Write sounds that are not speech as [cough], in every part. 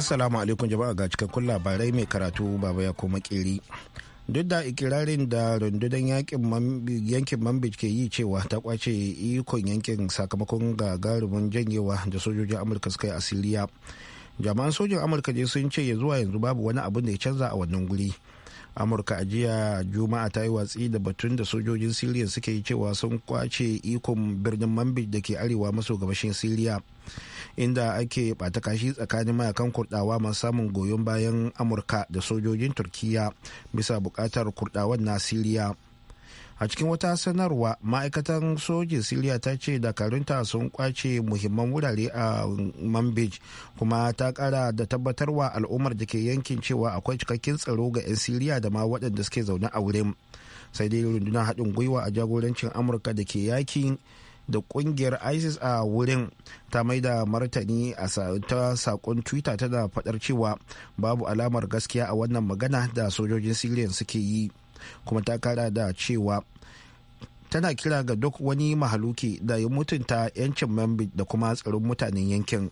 Assalamu alaikum jama'a ga cikakkun labarai mai karatu baba ya koma kiri. Duk da ikirarin da rundunar yankin Mambit ke yi cewa ta kwace ikon yankin sakamakon gagarumin janyewa da sojojin Amurka suka yi a Siriya. Jama'an sojin Amurka je sun ce ya zuwa yanzu babu wani abin da ya canza a wannan guri. amurka a jiya juma'a ta yi watsi da batun da sojojin siriya suke yi cewa sun kwace ikon birnin manbij da ke arewa maso gabashin siriya inda ake bata kashi tsakanin mayakan kurdawa masu samun goyon bayan amurka da sojojin turkiya bisa bukatar kurdawan na siriya a cikin wata sanarwa ma'aikatan sojin siriya ta ce dakarunta sun kwace muhimman wurare a manbij kuma ta kara da tabbatarwa al'ummar da ke yankin cewa akwai cikakken tsaro ga 'yan siriya da ma waɗanda suke zaune a wurin sai dai rundunar haɗin gwiwa a jagorancin amurka da ke yaki da kungiyar isis a wurin ta mai da martani a ta sakon twitter tana fadar cewa babu alamar gaskiya a wannan magana da sojojin syrian suke yi kuma ta kara da cewa tana kira ga duk wani mahaluki da ya mutunta 'yancin membi da kuma tsaron mutanen yankin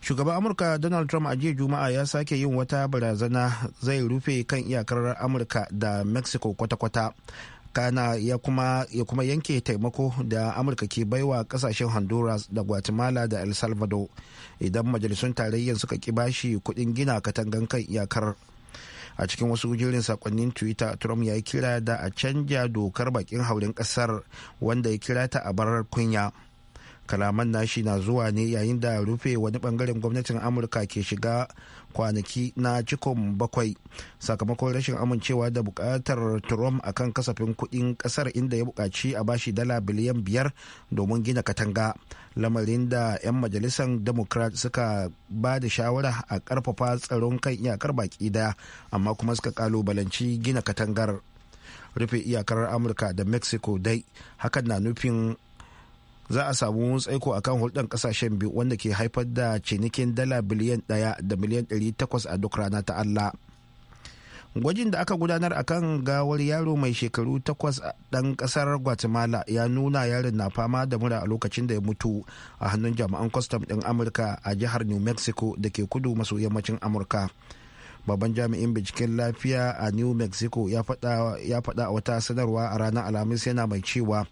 shugaban amurka donald trump a jiya juma'a ya sake yin wata barazana zai rufe kan iyakar amurka da mexico kwata-kwata kana ya kuma, ya kuma yanke taimako da amurka ke baiwa kasashen honduras da guatemala da el salvador idan majalisun tarayyar suka ki bashi kudin gina katangan kan iyakar a cikin wasu jirin sakonnin twitter trump ya yi kira da a canja dokar bakin haurin kasar wanda ya kira ta a barar kunya kalaman nashi na zuwa ne yayin da rufe wani bangaren gwamnatin amurka ke shiga kwanaki na cikon bakwai sakamakon rashin amincewa da bukatar trump akan kasafin kudin kasar inda ya bukaci a bashi dala biliyan biyar domin gina katanga lamarin da 'yan majalisar democrat suka ba da shawara a karfafa tsaron kan iyakar baki daya amma kuma suka kalubalanci gina katangar rufe iyakar amurka da mexico dai hakan na nufin za a samu tsaiko akan hulɗar ƙasashen biyu wanda ke haifar da cinikin dala biliyan ɗaya da miliyan ɗari takwas a duk rana ta Allah. Gwajin da aka gudanar a kan gawar yaro mai shekaru takwas a ɗan ƙasar Guatemala ya nuna yarin na fama da mura a lokacin da ya mutu a hannun jami'an kwastam ɗin Amurka a jihar New Mexico da ke kudu maso yammacin Amurka. babban jami'in binciken lafiya a new mexico ya faɗa a wata sanarwa a ranar alhamis yana mai cewa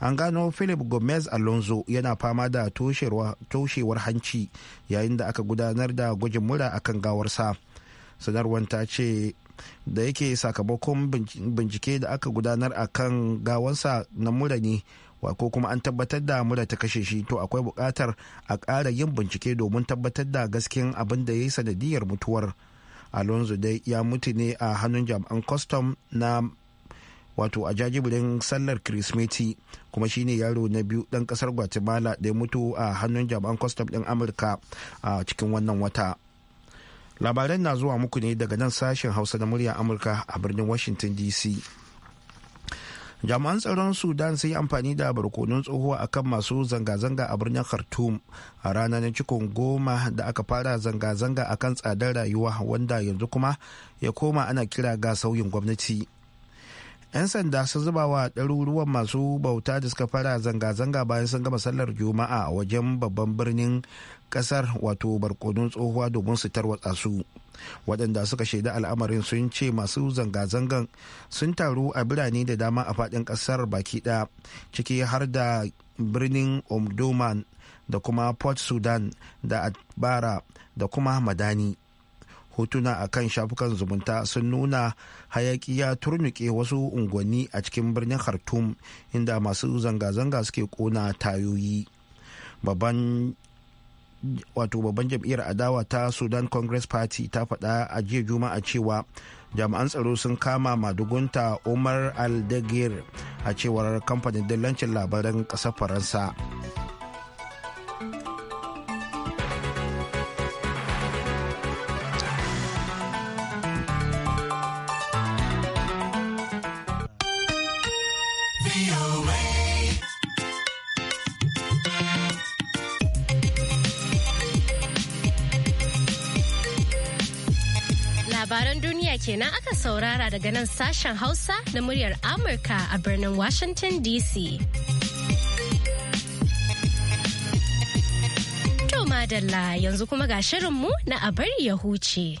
an gano philip gomez alonso yana fama da toshewar hanci yayin da aka gudanar da gwajin mura akan gawarsa sanarwar ta ce da yake sakamakon bincike da aka gudanar a kan gawansa na mura ne ko kuma an tabbatar da mura ta kashe shi to akwai bukatar a ƙara yin bincike domin tabbatar da gasken abin da ya yi sanadiyar mutuwar. alonso dai ya mutu ne a hannun jami'an kwastam na wato a jajibirin sallar kirismeti kuma shine yaro na biyu dan kasar guatemala da ya mutu a hannun jami'an kwastam din amurka a cikin wannan wata labaran na zuwa muku ne daga nan sashen hausa na murya amurka a birnin washington dc jami'an tsaron sudan sun yi amfani da barkonon tsohuwa akan masu zanga-zanga a birnin khartoum a ranar cikin goma da aka fara zanga-zanga akan tsadar rayuwa wanda yanzu kuma ya koma ana kira ga sauyin gwamnati 'yan sanda sun zuba wa ɗaruruwan masu bauta da suka fara zanga-zanga bayan sun gama sallar juma'a wajen babban birnin ƙasar wato barkonon tsohuwa domin su tarwatsa su waɗanda suka shaida al'amarin sun ce masu zanga-zangan sun taru a birane da dama a faɗin ƙasar baki ɗaya ciki har da birnin omdurman da kuma port sudan da atbara da kuma madani hotuna a kan shafukan zumunta sun nuna hayaki ya turnuke wasu unguwanni a cikin birnin khartoum inda masu zanga-zanga suke kona tayoyi babban wato babban jam'iyyar adawa ta sudan congress party ta faɗa a jiya juma'a cewa jami'an tsaro sun kama madugunta umar al a cewar kamfanin dillancin labaran ƙasar faransa kenan aka saurara daga nan sashen Hausa na muryar Amurka a birnin Washington DC. To madalla yanzu kuma ga shirinmu na abar bari ya huce.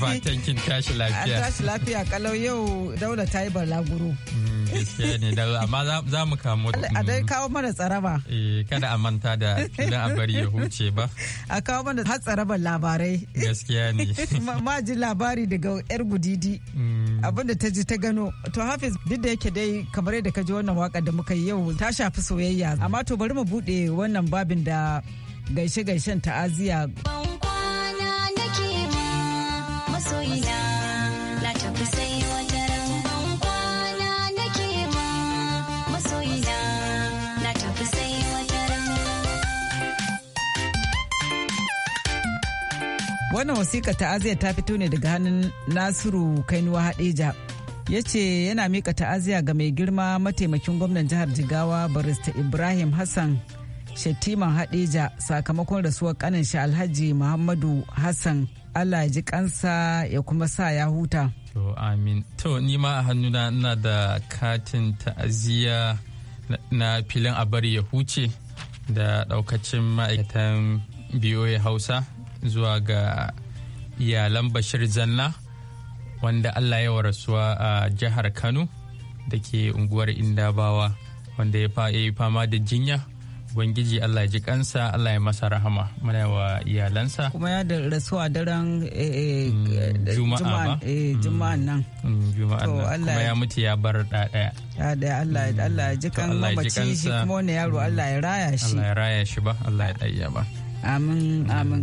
ba [laughs] tankin tashi lafiya an tashi lafiya kalau yau daula ta yi balaguro mm, gaskiya ne da amma za mu kamo a dai kawo mana tsaraba eh, kada a manta da idan a bari ya huce ba a kawo mana har tsaraban labarai gaskiya ne [laughs] ma ji labari daga yar gudidi mm. abinda ta ji ta gano to hafiz duk da yake dai kamar yadda ka ji wannan waka da muka yi yau ta shafi soyayya amma to bari mu bude wannan babin da gaishe-gaishen ta'aziya. wannan wasiƙa ta'aziyar ta fito ne daga hannun nasiru kainuwa hadeja ya ce yana mika ta'aziya ga mai girma mataimakin gwamnan jihar jigawa barista ibrahim hassan shatima hadeja sakamakon rasuwar kanin shi alhaji muhammadu hassan allah ji kansa ya kuma sa ya huta to amin to ni ma a hannuna ina da katin ta'aziyya na filin a bari ya huce da daukacin ma'aikatan ya hausa zuwa ga iyalan Bashir Zanna wanda Allah ya rasuwa a jihar Kano da ke unguwar Indabawa wanda ya yi fama da jinya. Ubangiji Allah ji kansa Allah ya masa rahama muna wa iyalansa. Kuma ya da rasuwa a daren Juma'a nan. Juma'an nan. Kuma ya mutu ya bar da daya. Ya da Allah ya ji mm, kan mamaci shi kuma wani yaro mm. Allah ya raya shi. Allah ya raya shi ba Allah ya ɗaya ba. Amin amin.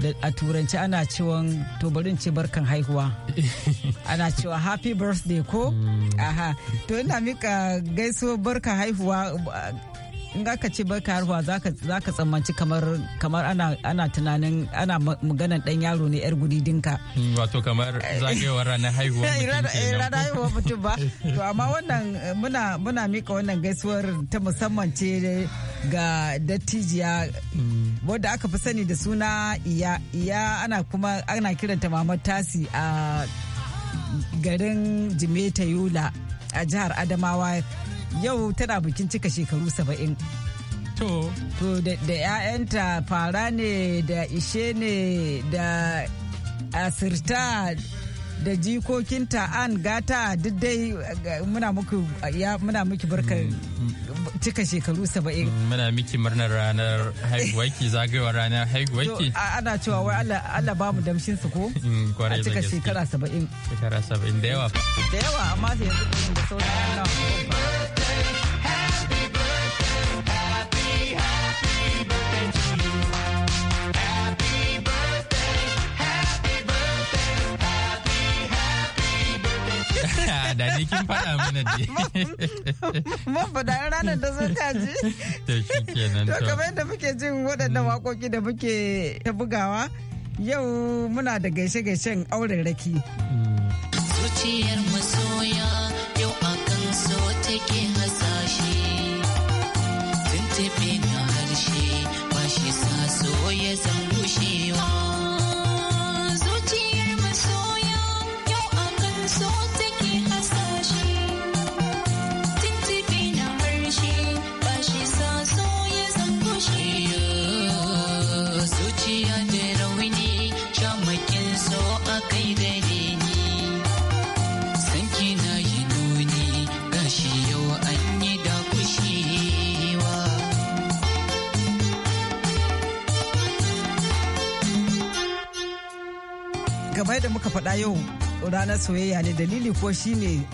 da a turanci ana cewa to bari ce barkan haihuwa [laughs] ana cewa happy birthday ko mm. aha to ina mika gaisuwar barkan haihuwa in ka ce baka haihuwa za ka tsammanci kamar ana tunanin ana maganan dan yaro ne yar gudidinka wato kamar zagewar ranar haihuwa eh, ranar eh, haihuwa mutum ba [laughs] to amma wannan eh, muna muna mika wannan gaisuwar ta musamman ce ga dattijiya mm. wadda aka fi sani da suna iya iya ana kuma ana kiranta mamar tasi a garin jimeta yula a jihar adamawa yau tana bikin cika shekaru saba'in. To. To da 'ya'yanta fara ne da ishe ne da asirta da jikokinta an gata duk dai muna muku ya muna barka cika shekaru saba'in. Mm, muna miki murnar ranar haihuwarki zagayowar ranar haihuwarki. Ana cewa wai Allah ba mu damshin su ko? Mm, a cika shekara saba'in. Shekara saba'in da yawa. Da yawa amma sai yanzu da sauran Allah. da kin [laughs] Mun faɗa ranar da sun To kamar yadda muke jin waɗannan mm. waƙoƙi da muke ta bugawa yau muna da gaishe-gaishen auren raki. Mm. Zuciyar masoya. sake hasashe tuntube yadda muka faɗa yau ranar soyayya ne dalili ko shine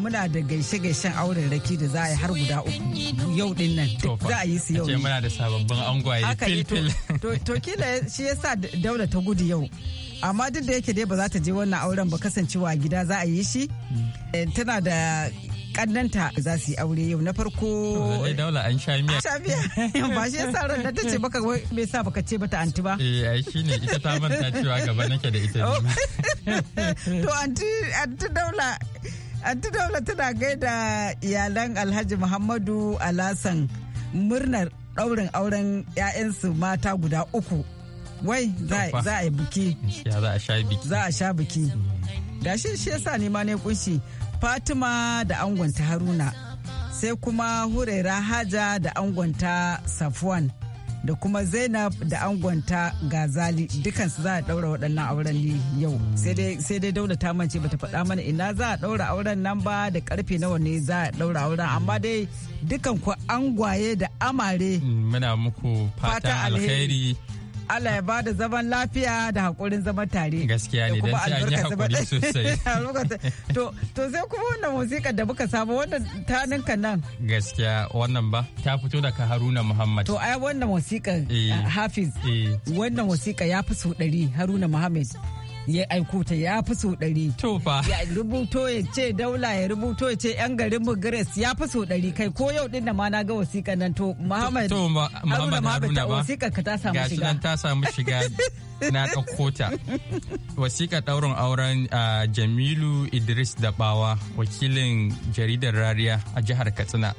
muna da gaishe-gaishen auren raki da za a yi har guda uku yau din nan za a yi su yau muna da sababbin angwaye filfil to kila shi yasa daula ta gudu yau amma duk da yake dai ba za ta je wannan auren ba kasancewa gida za a yi shi mm. eh, tana da kannanta za su yi aure yau na farko Zai daula an sha miya. Sha miya. [laughs] Ba shi yasa ran da ta ce baka me sa baka ce bata anti ba. Eh ai shine ita ta manta cewa gaba nake da ita. Oh. [laughs] To anti anti daula anti daula tana gaida iyalan Alhaji Muhammadu Alasan murnar daurin auren ƴaƴansu mata guda uku. Wai za a yi biki. Za a sha biki. Za a sha biki. Gashi shi yasa ne ma ne kunshi. fatima da angonta haruna sai kuma huraira haja da angonta safwan da kuma zainab da angonta gazali dukansu za a daura waɗannan auren ne yau sai dai daula ta mance bata faɗa mana ina za a daura auren nan ba da karfe nawa ne za a daura auren amma dai dukan ku angwaye da amare mm, muna muku fata alheri Allah ya ba da zaman lafiya da haƙurin zaman tare. Gaskiya ne don sai an yi haƙuri sosai. [laughs] To sai kuma wannan muzika da muka samu wannan ta nan. Gaskiya wannan ba ta fito daga Haruna Muhammad. To ai wannan musiƙa eh. Hafiz. Eh. Wannan musiƙa ya fi sau ɗari Haruna Muhammad. ya aiko ta ya fi so ɗari. To fa. Ya rubuto ya ce daula ya rubuto ya ce yan garin mu Grace ya fi so ɗari kai ko yau din da ma na ga wasiƙa nan to Muhammad. To Muhammad Haruna ba. Wasiƙa ka ta samu shiga. Gashi nan ta samu shiga [laughs] na ɗauko ta. Wasiƙa ɗaurin auren Jamilu Idris Dabawa wakilin jaridar Rariya a jihar Katsina.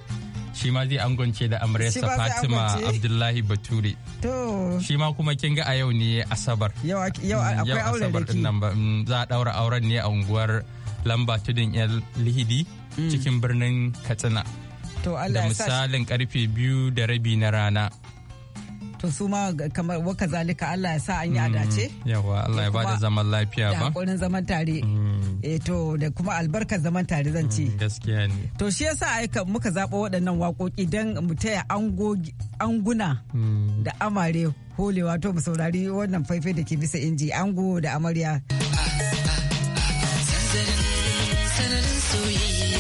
shi ma zai angonce da amaryarsa fatima abdullahi bature to shi ma kuma kin ga a yau ne asabar yau mm, akwai auren da ba. Mm, za a daura auren ne a unguwar lamba tudun yan lihidi mm. cikin birnin katsina da misalin karfe biyu da rabi na rana to su ma kamar waka zalika Allah ya sa an yi mm. adace yawa Allah eh, ya bada zaman lafiya ba da hakurin zaman tare mm. eh to da kuma albarkar zaman tare zan ce mm, gaskiya ne to shi yasa aika muka zabo waɗannan waƙoƙi dan mu taya anguna da amare holewa to mu saurari wannan faifai da ke bisa inji ango da amarya sanarin soyayya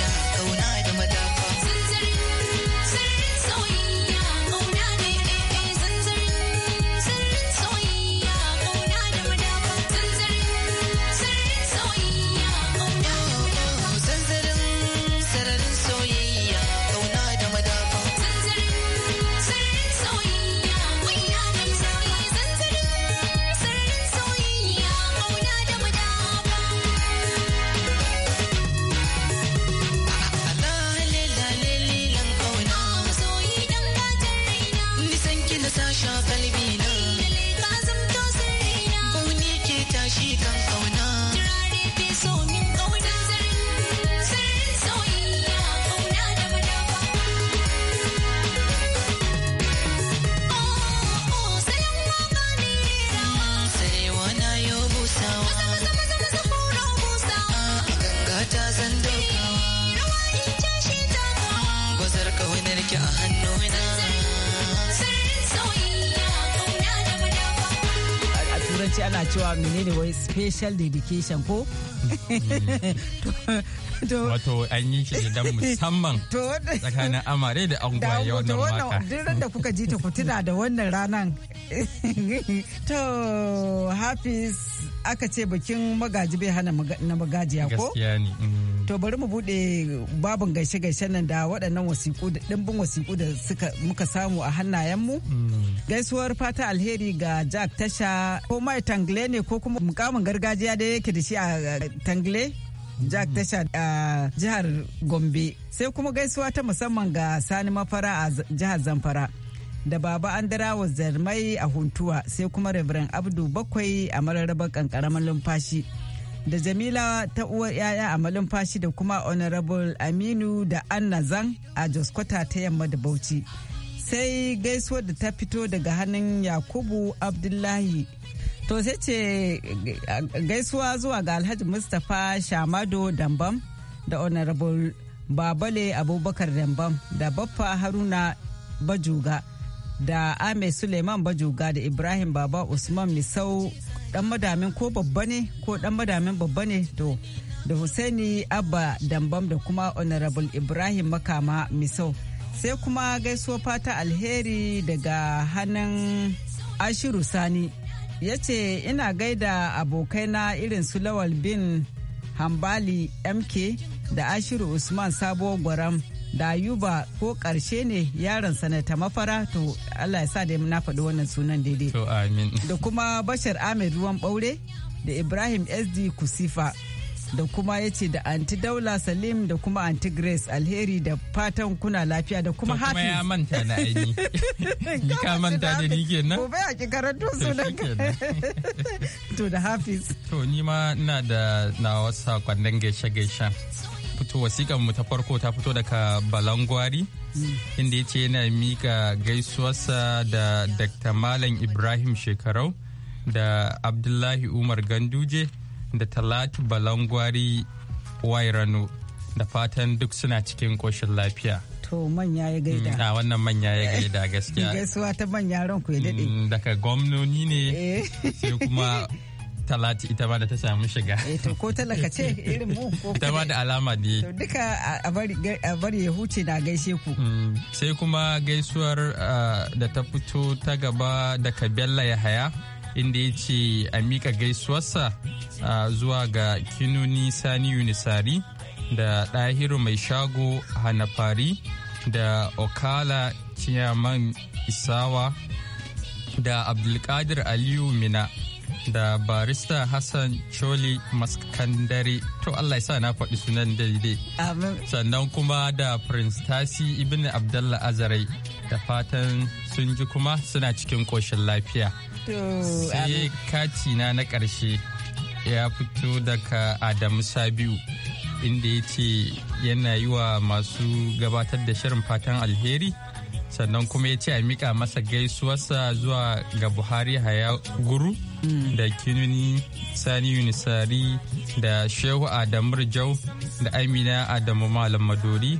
lokaci ana cewa menene wai special dedication ko wato an yi shi don musamman [laughs] tsakanin amare da an gwaye wannan waka duk da kuka ji ta ku tuna da wannan ranan [laughs] to hafiz aka ce bikin magaji bai hana na magajiya ko gaskiya ne mm. To bari mu bude babin gaishe-gaishe nan da waɗannan wasiƙu da ɗimbin wasiƙu da suka muka samu a hannayenmu. Mm. Gaisuwar fata alheri ga Jack Tasha ko mai tangle ne ko kuma mukamin gargajiya da yake da shi a tangle. Mm. Jack Tasha a jihar Gombe. Sai kuma gaisuwa ta musamman ga Sani Mafara a jihar Zamfara. da baba an wa zarmai a huntuwa sai kuma Reverend Abdu bakwai a mararrabar kankaramin lumfashi. da jamila ta uwar yaya a malumfashi da kuma honorable aminu da anna zan a kwata ta yamma da bauchi sai gaisuwar da ta fito daga hannun yakubu abdullahi to sai ce gaisuwa zuwa ga alhaji mustapha shamado dambam da honorable babale abubakar dambam da baffa haruna bajuga da ame suleiman bajuga da ibrahim baba usman misau dan madamin ko babba ne ko dan madamin babba ne to da Husaini Abba Dambam da kuma Honorable Ibrahim Makama Misau. Sai kuma gaisuwa fata alheri daga hannun Ashiru Sani. Ya ce ina gaida abokaina irin su Lawal bin Hambali MK da Ashiru Usman Sabuwar Gwaram da yuba ko karshe ne yaron sanata mafara to allah ya sa da na faɗi wannan sunan daidai to amin da kuma bashar ahmed ruwan ɓaure da ibrahim sd kusifa da kuma ya ce da anti daula salim da kuma anti grace alheri da fatan kuna lafiya da kuma hafi kuma ya manta na aini [laughs] ka manta da ni kenan gobe a ki karanto sunan [laughs] to da hafiz to ni ma ina da na wasa sakonnin gaishe gaishen fito wasiƙar mu ta farko ta fito daga balangwari inda ya ce yana mika gaisuwarsa da dr malam ibrahim shekarau da abdullahi umar ganduje da talatu balangwari wairano da fatan duk suna cikin ƙoshin lafiya to manya ya gaida. Na mm, wannan manya ya gaida gaskiya. [laughs] Gaisuwa ta manya ranku ya daɗe. Mm, daga gwamnoni ne eh. sai kuma [laughs] talati ita ba da ta samu shiga. Eh, to ko talaka ce irin mu ko Ita ba da alama ne. To duka a bari ya huce na gaishe ku. Hmm, sai kuma gaisuwar da ta fito ta gaba daga Bello Yahaya inda ya ce a mika gaisuwarsa zuwa ga Kinuni Sani Yunisari da Ɗahiru Mai Shago Hanafari da Okala Ciyaman Isawa da Abdulkadir Aliyu Mina. da barista Hassan Choli Maskandari. to Allah ya sa na faɗi sunan daidai. Sannan kuma da Prince Tasi Ibn Abdullah Azarai da fatan sun ji kuma suna cikin ƙoshin lafiya. Sai katina na ƙarshe ya fito daga Adamu Sabiu inda ya ce yana yi wa masu gabatar da shirin fatan alheri. sannan kuma ya ce a mika masa gaisuwarsa zuwa ga buhari haya guru mm. da kinuni sani unisari da shehu adamur jau da amina adamu malam madori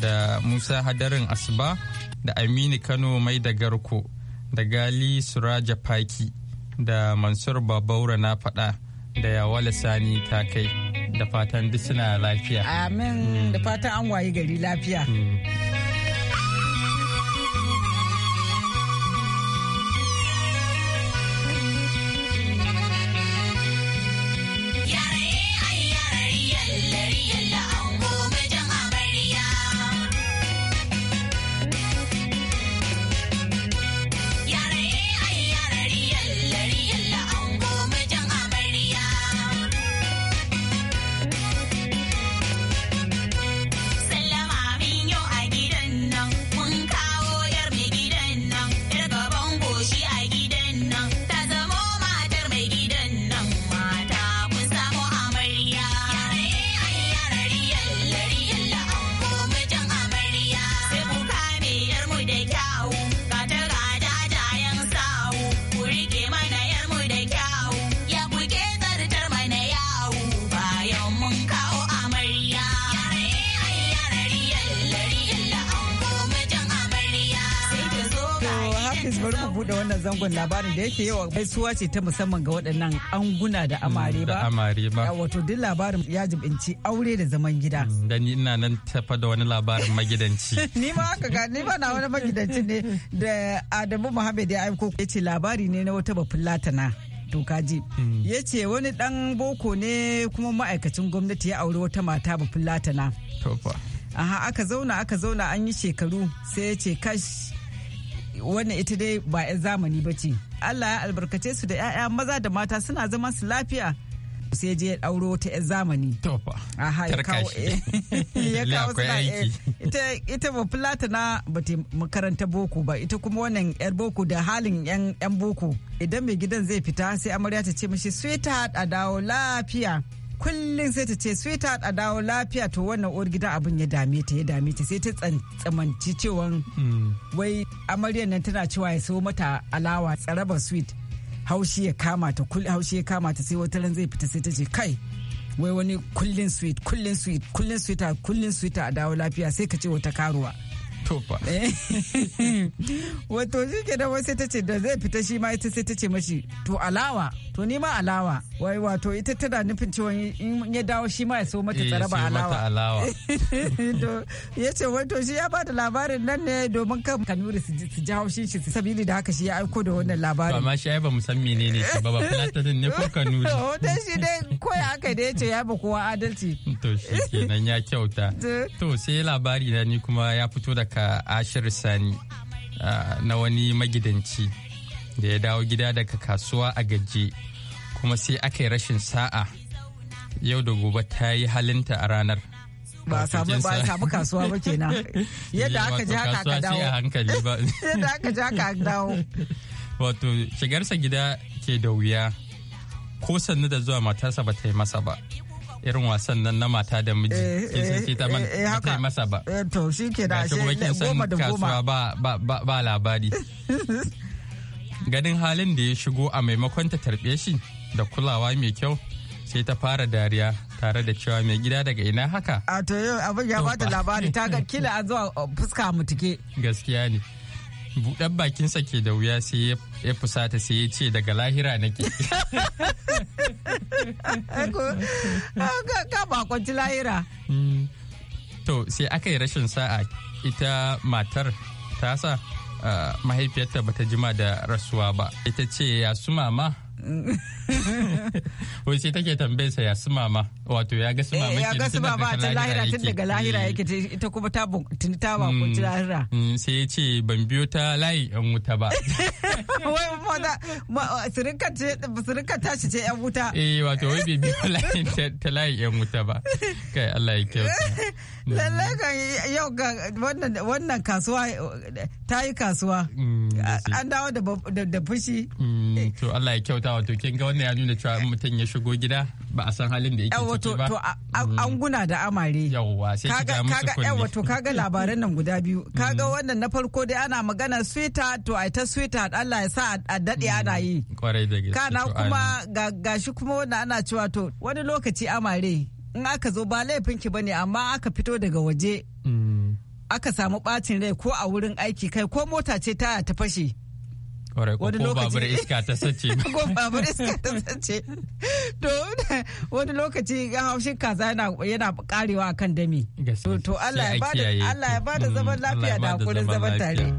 da musa hadarin asuba da aminu kano mai da garko da gali suraja faki da mansur babaura na fada da yawala sani ta kai da fatan duk suna lafiya amin da fatan an wayi gari lafiya mm. zangon labarin da yake yawa gaisuwa ce ta musamman ga waɗannan anguna da amare mm, ba. Da amare ba. Ya Wato duk labarin ya jibinci aure da zaman gida. Mm, da ni ina nan tafa da wani labarin magidanci. [laughs] Ni ma haka ga ni ma na wani magidanci ne da Adamu Muhammad ya aiko ya ce labari ne na wata bafin latana. to kaji mm. ya ce wani ɗan boko ne kuma ma'aikacin gwamnati ya auri wata mata bafin latana aha aka zauna aka zauna an yi shekaru sai ya ce kash wannan ita dai ba 'yan zamani ba ce allah ya albarkace su da 'ya'ya maza da mata suna zama su lafiya sai je ɗauro ta 'yan zamani. Eh, [laughs] ya kawo eh, Ita ba fulata na ba ta makaranta boko ba, ita kuma wannan 'yar boko da halin 'yan boko. Idan mai gidan zai fita sai amarya ta ce mashi sweetheart a dawo lafiya. kullum sai ta ce ta a dawo lafiya to wannan uwar gida abin ya dame ta ya dame ta sai ta tsamanci cewa hmm. wai amaryar nan tana cewa ya sayo mata alawa tsaraba sweet haushi ya kama ta haushi ya kama ta sai wata ran zai fita sai ta ce kai wai wani kullum sweet kullum sweet kullum sweet a dawo lafiya sai ka ce wata karuwa tofa [laughs] wato shi ke da wasu ta ce da zai fita shi ma ita sai ta ce mashi to alawa to ni ma alawa wai wato ita tana nufin cewa in ya dawo shi ma ya so mata tsaraba eh, alawa [laughs] ya ce wato shi ya ba da labarin nan ne domin kan kanuri su jawo shi shi sabili da haka shi ya aiko da wannan labarin amma shi ya ba mu san menene shi ba ba platin ne ko [laughs] kanuri Wato shi dai koya aka da ya ce ya ba kowa adalci to shi kenan ya kyauta to sai labari na ni kuma ya fito da aka ashir sani na wani magidanci da ya dawo gida daga kasuwa a gaje kuma sai aka yi rashin sa'a yau da gobe ta yi halinta a ranar ba samu ba samu kasuwa ba kenan [laughs] [laughs] yadda aka ji haka aka dawo yadda aka ji haka aka dawo wato shigarsa gida ke da wuya ko sannu da zuwa matarsa ba ta yi masa ba irin wasan nan na mata da miji eh, ke san ki eh, eh, ta yi masa ba to shi ke da ashe goma da goma ba ba labari [laughs] ganin halin da ya shigo a maimakon ta tarbe shi da kulawa mai kyau sai ta fara dariya tare da cewa mai gida daga ina haka a to yau abin ya bata labari ta ga [laughs] kila uh, a zuwa fuska mutuke gaskiya ne buɗan bakinsa ke da wuya sai ya fusata sai ya ce daga lahira nake. Ka bakwanci lahira. Hmm. To sai aka yi rashin sa'a ita matar tasa ah, mahaifiyarta bata jima da rasuwa ba. Ita ce ya su mama wai sai take tambayar sa ya su mama wato ya ga su eh, mama ya ga su mama ta lahira tun daga lahira eh. yake ita kuma ta tun ta ba mm. kunci lahira mm, sai ya ce ban biyo ta layi yan wuta ba [laughs] wai da surika ce surika ta shi ce yan wuta eh wato wai bai biyo layi ta layi yan wuta ba kai Allah ya kyauta [laughs] lallai ga yau ga wannan kasuwa ta yi kasuwa mm, an dawo da fushi to Allah ya kyauta aikata wato kin ga wannan ya nuna cewa mutum ya shigo gida ba a san halin da yake ciki ba. to mm. guna da amare. Yawwa sai ki ga musu Yawwa to kaga labaran nan guda biyu. Mm. Kaga wannan na farko dai ana magana sweeter to ai ta sweeter Allah ya sa a dade ana mm. yi. Kwarai da gaske. Kana kuma gashi kuma wannan ana cewa to wani lokaci amare in aka zo ba laifin ki bane amma aka fito daga waje. Aka samu bacin rai ko a wurin aiki kai ko mota ce taya ta fashe. wani lokaci [laughs] ko babur iska ta sace to wani lokaci haushin kaza yana karewa akan dami to ya bada Allah ya bada mm, zaman lafiya da hakurin zaman tare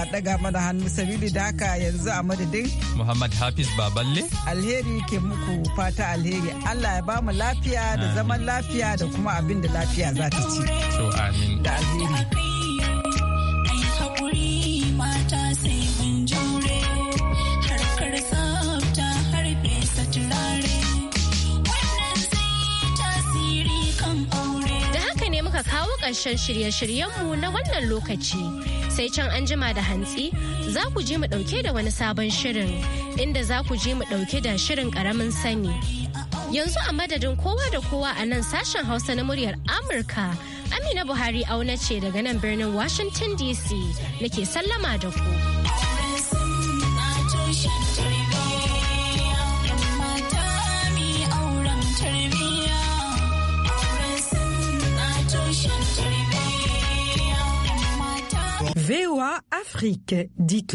A daga mana hannu sabili daka yanzu a madadin Muhammad Hafiz Baballe alheri ke muku fata alheri Allah ya bamu lafiya da zaman lafiya da kuma abin da lafiya za ta ci to amin da alheri mata sai mun jure kawo ƙarshen shirye-shiryenmu na wannan lokaci sai can an jima da hantsi za ku je mu ɗauke da wani sabon shirin inda za ku je mu ɗauke da shirin ƙaramin sani. Yanzu a madadin kowa da kowa a nan sashen Hausa na muryar Amurka, Amina Buhari auna ce daga nan birnin Washington DC nake sallama da ku. VOA Afrique, dites